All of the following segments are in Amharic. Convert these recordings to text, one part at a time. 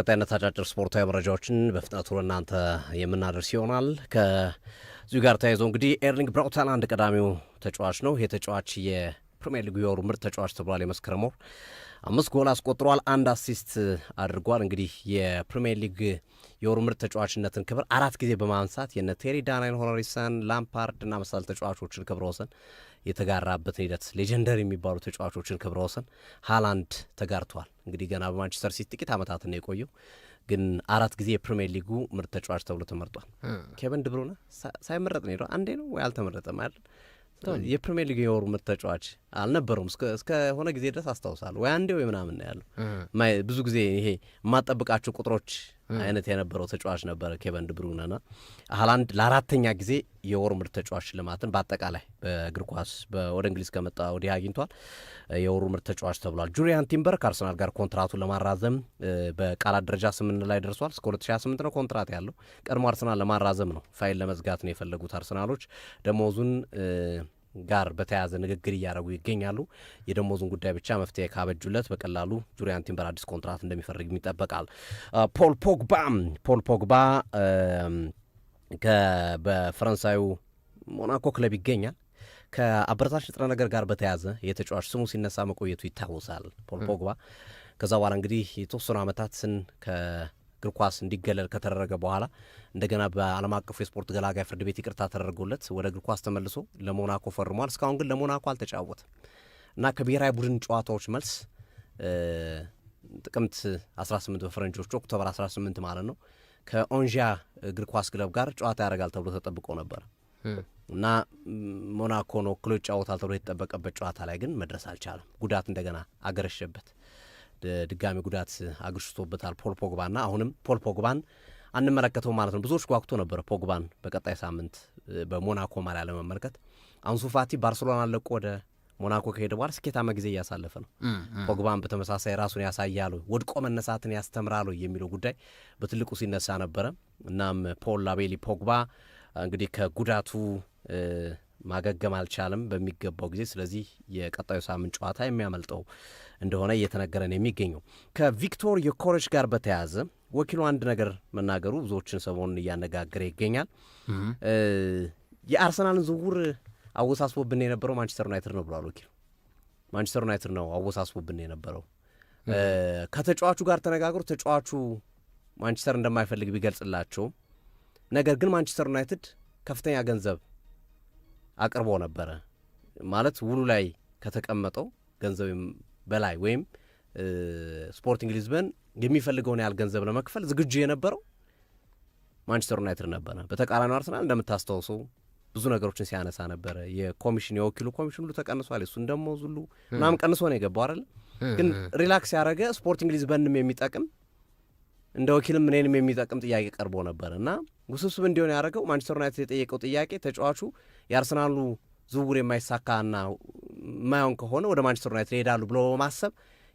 ቀጣይነት አጫጭር ስፖርታዊ መረጃዎችን በፍጥነት እናንተ የምናደርስ ይሆናል። ከዚሁ ጋር ተያይዞ እንግዲህ ኤርሊንግ ብራውት ሃላንድ ቀዳሚው ተጫዋች ነው። ይህ ተጫዋች የፕሪሚየር ሊግ የወሩ ምርጥ ተጫዋች ተብሏል የመስከረም ወር አምስት ጎል አስቆጥሯል፣ አንድ አሲስት አድርጓል። እንግዲህ የፕሪሚየር ሊግ የወሩ ምርጥ ተጫዋችነትን ክብር አራት ጊዜ በማንሳት የነ ቴሪ ዳናይን፣ ሆነሪሰን፣ ላምፓርድ እና መሳል ተጫዋቾችን ክብረ ወሰን የተጋራበትን ሂደት ሌጀንደር የሚባሉ ተጫዋቾችን ክብረ ወሰን ሀላንድ ተጋርቷል። እንግዲህ ገና በማንቸስተር ሲቲ ጥቂት ዓመታት ነው የቆየው ግን አራት ጊዜ የፕሪሚየር ሊጉ ምርጥ ተጫዋች ተብሎ ተመርጧል። ኬቨን ድብሩነ ሳይመረጥ ነው ሄዷል። አንዴ ነው ወይ አልተመረጠም አይደል? የፕሪሚየር ሊግ የወሩ ምርጥ ተጫዋች አልነበረውም እስከሆነ ጊዜ ድረስ አስታውሳለሁ። ወይ አንዴ ወይ ምናምን ያለው። ብዙ ጊዜ ይሄ የማጠብቃቸው ቁጥሮች አይነት የነበረው ተጫዋች ነበረ ኬቨን ና ሀላንድ ለአራተኛ ጊዜ የወሩ ምርጥ ተጫዋች ሽልማትን በአጠቃላይ በእግር ኳስ ወደ እንግሊዝ ከመጣ ወዲህ አግኝቷል። የወሩ ምርጥ ተጫዋች ተብሏል። ጁሪያን ቲምበር ከአርሰናል ጋር ኮንትራቱን ለማራዘም በቃላት ደረጃ ስምምነት ላይ ደርሷል። እስከ 2028 ነው ኮንትራት ያለው። ቀድሞ አርሰናል ለማራዘም ነው ፋይል ለመዝጋት ነው የፈለጉት አርሰናሎች ደሞዙን ጋር በተያያዘ ንግግር እያደረጉ ይገኛሉ። የደሞዙን ጉዳይ ብቻ መፍትሄ ካበጁለት በቀላሉ ጁሪያን ቲምበር አዲስ ኮንትራት እንደሚፈርግም ይጠበቃል። ፖል ፖግባ ፖል ፖግባ በፈረንሳዩ ሞናኮ ክለብ ይገኛል። ከአበረታች ንጥረ ነገር ጋር በተያያዘ የተጫዋች ስሙ ሲነሳ መቆየቱ ይታወሳል። ፖል ፖግባ ከዛ በኋላ እንግዲህ የተወሰኑ ስን እግር ኳስ እንዲገለል ከተደረገ በኋላ እንደገና በዓለም አቀፉ የስፖርት ገላጋይ ፍርድ ቤት ይቅርታ ተደርጎለት ወደ እግር ኳስ ተመልሶ ለሞናኮ ፈርሟል። እስካሁን ግን ለሞናኮ አልተጫወትም እና ከብሔራዊ ቡድን ጨዋታዎች መልስ ጥቅምት 18 በፈረንጆቹ ኦክቶበር 18 ማለት ነው ከኦንዣ እግር ኳስ ክለብ ጋር ጨዋታ ያደርጋል ተብሎ ተጠብቆ ነበር እና ሞናኮን ወክሎ ይጫወታል ተብሎ የተጠበቀበት ጨዋታ ላይ ግን መድረስ አልቻለም። ጉዳት እንደገና አገረሸበት። ድጋሚ ጉዳት አግርሽቶበታል ፖል ፖግባና አሁንም ፖል ፖግባን አንመለከተው ማለት ነው። ብዙዎች ጓጉቶ ነበረ ፖግባን በቀጣይ ሳምንት በሞናኮ ማሊያ ለመመልከት። አንሱ ፋቲ ባርሴሎና ለቆ ወደ ሞናኮ ከሄደ በኋላ ስኬታማ ጊዜ እያሳለፈ ነው። ፖግባን በተመሳሳይ ራሱን ያሳያሉ፣ ወድቆ መነሳትን ያስተምራሉ የሚለው ጉዳይ በትልቁ ሲነሳ ነበረ። እናም ፖል አቤሊ ፖግባ እንግዲህ ከጉዳቱ ማገገም አልቻለም በሚገባው ጊዜ። ስለዚህ የቀጣዩ ሳምንት ጨዋታ የሚያመልጠው እንደሆነ ነው የሚገኘው ከቪክቶር ዮኬሬሽ ጋር በተያያዘ ወኪሉ አንድ ነገር መናገሩ ብዙዎችን ሰሞኑን እያነጋገረ ይገኛል። የአርሰናልን ዝውውር አወሳስቦብን የነበረው ማንቸስተር ዩናይትድ ነው ብሏል ወኪሉ። ማንቸስተር ዩናይትድ ነው አወሳስቦብን የነበረው። ከተጫዋቹ ጋር ተነጋግሮ ተጫዋቹ ማንቸስተር እንደማይፈልግ ቢገልጽላቸውም ነገር ግን ማንቸስተር ዩናይትድ ከፍተኛ ገንዘብ አቅርቦ ነበረ። ማለት ውሉ ላይ ከተቀመጠው ገንዘብ በላይ ወይም ስፖርቲንግ ሊዝበን የሚፈልገውን ያህል ገንዘብ ለመክፈል ዝግጁ የነበረው ማንቸስተር ዩናይትድ ነበረ። በተቃራኒው አርሰናል እንደምታስታውሰው ብዙ ነገሮችን ሲያነሳ ነበረ። የኮሚሽን የወኪሉ ኮሚሽን ሁሉ ተቀንሷል፣ የሱን ደሞዝ ሁሉ ምናምን ቀንሶ ነው የገባው አይደለም። ግን ሪላክስ ያደረገ ስፖርቲንግ ሊዝበንም የሚጠቅም እንደ ወኪልም እኔንም የሚጠቅም ጥያቄ ቀርቦ ነበር እና ውስብስብ እንዲሆን ያደረገው ማንቸስተር ዩናይትድ የጠየቀው ጥያቄ ተጫዋቹ የአርሰናሉ ዝውውር የማይሳካ ና የማይሆን ከሆነ ወደ ማንቸስተር ዩናይትድ ይሄዳሉ ብሎ በማሰብ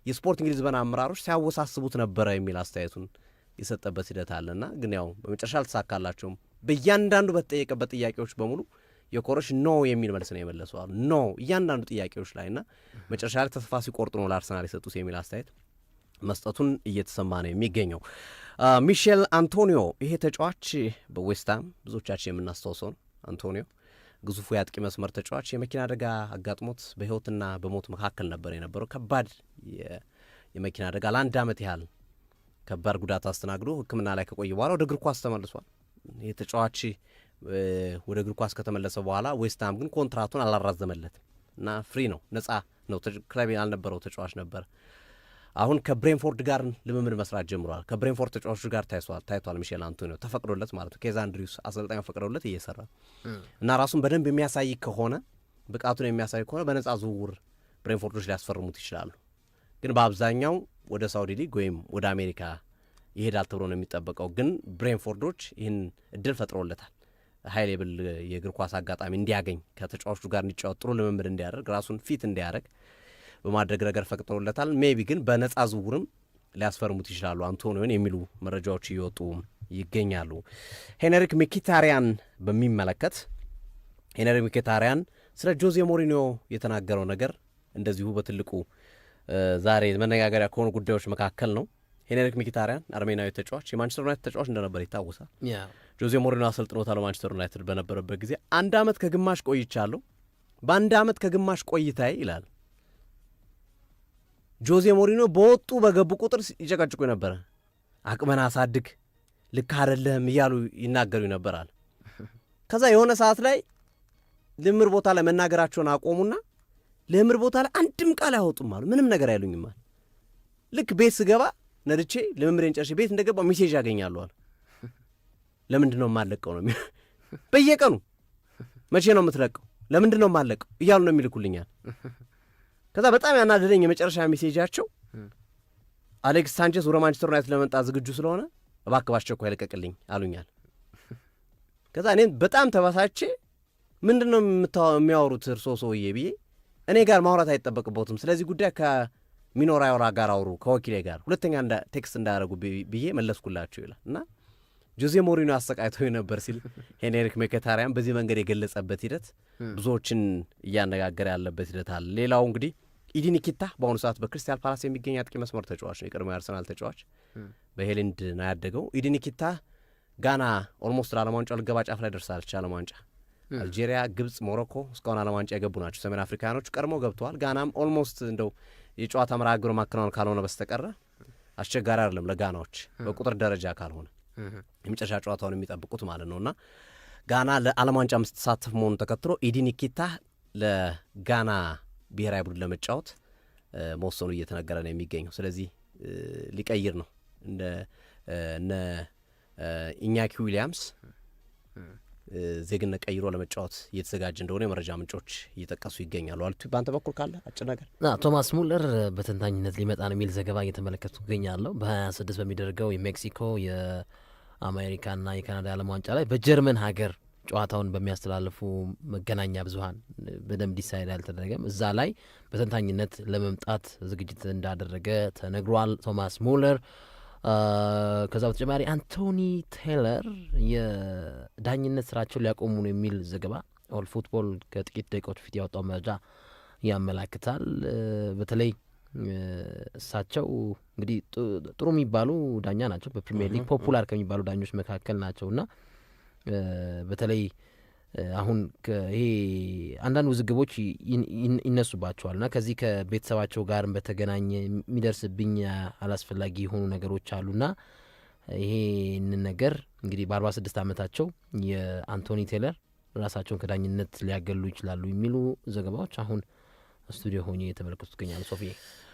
የስፖርት እንግሊዝ በና አመራሮች ሲያወሳስቡት ነበረ የሚል አስተያየቱን የሰጠበት ሂደት አለ ና ግን ያው በመጨረሻ አልተሳካላቸውም። በእያንዳንዱ በተጠየቀበት ጥያቄዎች በሙሉ የኮረሽ ኖ የሚል መልስ ነው የመለሰዋል። ኖ እያንዳንዱ ጥያቄዎች ላይ ና መጨረሻ ላይ ተስፋ ሲቆርጡ ነው ለአርሰናል የሰጡት የሚል አስተያየት መስጠቱን እየተሰማ ነው የሚገኘው። ሚሼል አንቶኒዮ ይሄ ተጫዋች በዌስትሃም ብዙዎቻችን የምናስታውሰው ነው። አንቶኒዮ ግዙፉ የአጥቂ መስመር ተጫዋች የመኪና አደጋ አጋጥሞት በህይወትና በሞት መካከል ነበር የነበረው። ከባድ የመኪና አደጋ ለአንድ ዓመት ያህል ከባድ ጉዳት አስተናግዶ ሕክምና ላይ ከቆየ በኋላ ወደ እግር ኳስ ተመልሷል። ይህ ተጫዋች ወደ እግር ኳስ ከተመለሰ በኋላ ዌስትሃም ግን ኮንትራቱን አላራዘመለትም እና ፍሪ ነው፣ ነጻ ነው፣ ክለብ ያልነበረው ተጫዋች ነበር። አሁን ከብሬንፎርድ ጋር ልምምድ መስራት ጀምረዋል። ከብሬንፎርድ ተጫዋቾች ጋር ታይቷል ታይቷል ሚሼል አንቶኒዮ ተፈቅዶለት ማለት ነው። ኬዛ አንድሪውስ አሰልጣኝ ፈቅዶለት እየሰራ እና ራሱን በደንብ የሚያሳይ ከሆነ ብቃቱን የሚያሳይ ከሆነ በነጻ ዝውውር ብሬንፎርዶች ሊያስፈርሙት ይችላሉ። ግን በአብዛኛው ወደ ሳውዲ ሊግ ወይም ወደ አሜሪካ ይሄዳል ተብሎ ነው የሚጠበቀው። ግን ብሬንፎርዶች ይህን እድል ፈጥሮለታል። ሀይል የብል የእግር ኳስ አጋጣሚ እንዲያገኝ ከተጫዋቹ ጋር እንዲጫወት ጥሩ ልምምድ እንዲያደርግ ራሱን ፊት እንዲያደርግ በማድረግ ረገድ ፈቅጥሮለታል። ሜቢ ግን በነጻ ዝውውርም ሊያስፈርሙት ይችላሉ አንቶኒዮን የሚሉ መረጃዎች እየወጡ ይገኛሉ። ሄነሪክ ሚኪታሪያን በሚመለከት ሄነሪክ ሚኪታሪያን ስለ ጆዜ ሞሪኒዮ የተናገረው ነገር እንደዚሁ በትልቁ ዛሬ መነጋገሪያ ከሆኑ ጉዳዮች መካከል ነው። ሄነሪክ ሚኪታሪያን አርሜናዊ ተጫዋች የማንቸስተር ዩናይትድ ተጫዋች እንደነበር ይታወሳል። ጆዜ ሞሪኒዮ አሰልጥኖታል ማንቸስተር ዩናይትድ በነበረበት ጊዜ። አንድ አመት ከግማሽ ቆይቻለሁ። በአንድ አመት ከግማሽ ቆይታዬ ይላል ጆዜ ሞሪኖ በወጡ በገቡ ቁጥር ይጨቀጭቁ ነበረ። አቅመን አሳድግ፣ ልክ አደለህም እያሉ ይናገሩ ይነበራል። ከዛ የሆነ ሰዓት ላይ ልምር ቦታ ላይ መናገራቸውን አቆሙና ልምር ቦታ ላይ አንድም ቃል አያወጡም አሉ። ምንም ነገር አይሉኝም አሉ። ልክ ቤት ስገባ ነድቼ ልምምሬን ጨርሼ ቤት እንደገባ ሜሴጅ ያገኛሉ አሉ። ለምንድን ነው የማለቀው ነው በየቀኑ መቼ ነው የምትለቀው? ለምንድን ነው የማለቀው እያሉ ነው የሚልኩልኛል። ከዛ በጣም ያናደደኝ የመጨረሻ ሜሴጃቸው አሌክስ ሳንቼስ ወደ ማንቸስተር ዩናይትድ ለመምጣት ዝግጁ ስለሆነ እባክህ ባስቸኳይ ይለቀቅልኝ አሉኛል። ከዛ እኔ በጣም ተባሳቼ ምንድን ነው የሚያወሩት እርሶ ሰውዬ ብዬ እኔ ጋር ማውራት አይጠበቅበትም፣ ስለዚህ ጉዳይ ከሚኖራ ወራ ጋር አውሩ ከወኪሌ ጋር ሁለተኛ ቴክስት እንዳያደረጉ ብዬ መለስኩላቸው ይላል እና ጆዜ ሞሪኖ አሰቃይቶ ነበር ሲል ሄንሪክ ሜከታሪያን በዚህ መንገድ የገለጸበት ሂደት ብዙዎችን እያነጋገረ ያለበት ሂደት አለ። ሌላው እንግዲህ ኢዲኒኪታ በአሁኑ ሰዓት በክሪስታል ፓላስ የሚገኝ አጥቂ መስመር ተጫዋች ነው። የቀድሞ የአርሰናል ተጫዋች በሄሊንድ ነው ያደገው። ኢዲኒኪታ ጋና ኦልሞስት ለዓለም ዋንጫ ልገባ ጫፍ ላይ ደርሳለች። ዓለም ዋንጫ አልጄሪያ፣ ግብጽ፣ ሞሮኮ እስካሁን ዓለም ዋንጫ የገቡ ናቸው። ሰሜን አፍሪካኖች ቀድሞ ገብተዋል። ጋናም ኦልሞስት እንደው የጨዋታ መርሃ ግብር ማከናወን ካልሆነ በስተቀረ አስቸጋሪ አይደለም ለጋናዎች በቁጥር ደረጃ ካልሆነ የመጨረሻ ጨዋታውን የሚጠብቁት ማለት ነው እና ጋና ለዓለም ዋንጫ ምስትሳተፍ መሆኑን ተከትሎ ኢዲ ንኪታ ለጋና ብሔራዊ ቡድን ለመጫወት መወሰኑ እየተነገረ ነው የሚገኘው። ስለዚህ ሊቀይር ነው እነ ኢኛኪ ዊሊያምስ ዜግነት ቀይሮ ለመጫወት እየተዘጋጀ እንደሆነ የመረጃ ምንጮች እየጠቀሱ ይገኛሉ። አልቱ በአንተ በኩል ካለ አጭር ነገር ቶማስ ሙለር በተንታኝነት ሊመጣ ነው የሚል ዘገባ እየተመለከቱ ይገኛለሁ። በ26 በሚደረገው የሜክሲኮ አሜሪካና የካናዳ ዓለም ዋንጫ ላይ በጀርመን ሀገር ጨዋታውን በሚያስተላልፉ መገናኛ ብዙኃን በደንብ ዲሳይድ አልተደረገም። እዛ ላይ በተንታኝነት ለመምጣት ዝግጅት እንዳደረገ ተነግሯል። ቶማስ ሙለር ከዛ በተጨማሪ አንቶኒ ቴይለር የዳኝነት ስራቸው ሊያቆሙ ነው የሚል ዘገባ ኦል ፉትቦል ከጥቂት ደቂቃዎች በፊት ያወጣው መረጃ ያመላክታል። በተለይ እሳቸው እንግዲህ ጥሩ የሚባሉ ዳኛ ናቸው። በፕሪሚየር ሊግ ፖፑላር ከሚባሉ ዳኞች መካከል ናቸው እና በተለይ አሁን ይሄ አንዳንድ ውዝግቦች ይነሱባቸዋል እና ከዚህ ከቤተሰባቸው ጋር በተገናኘ የሚደርስብኝ አላስፈላጊ የሆኑ ነገሮች አሉና ይሄንን ነገር እንግዲህ በአርባ ስድስት ዓመታቸው የአንቶኒ ቴለር ራሳቸውን ከዳኝነት ሊያገሉ ይችላሉ የሚሉ ዘገባዎች አሁን studiohoni til velkostukken igjen, Sofie.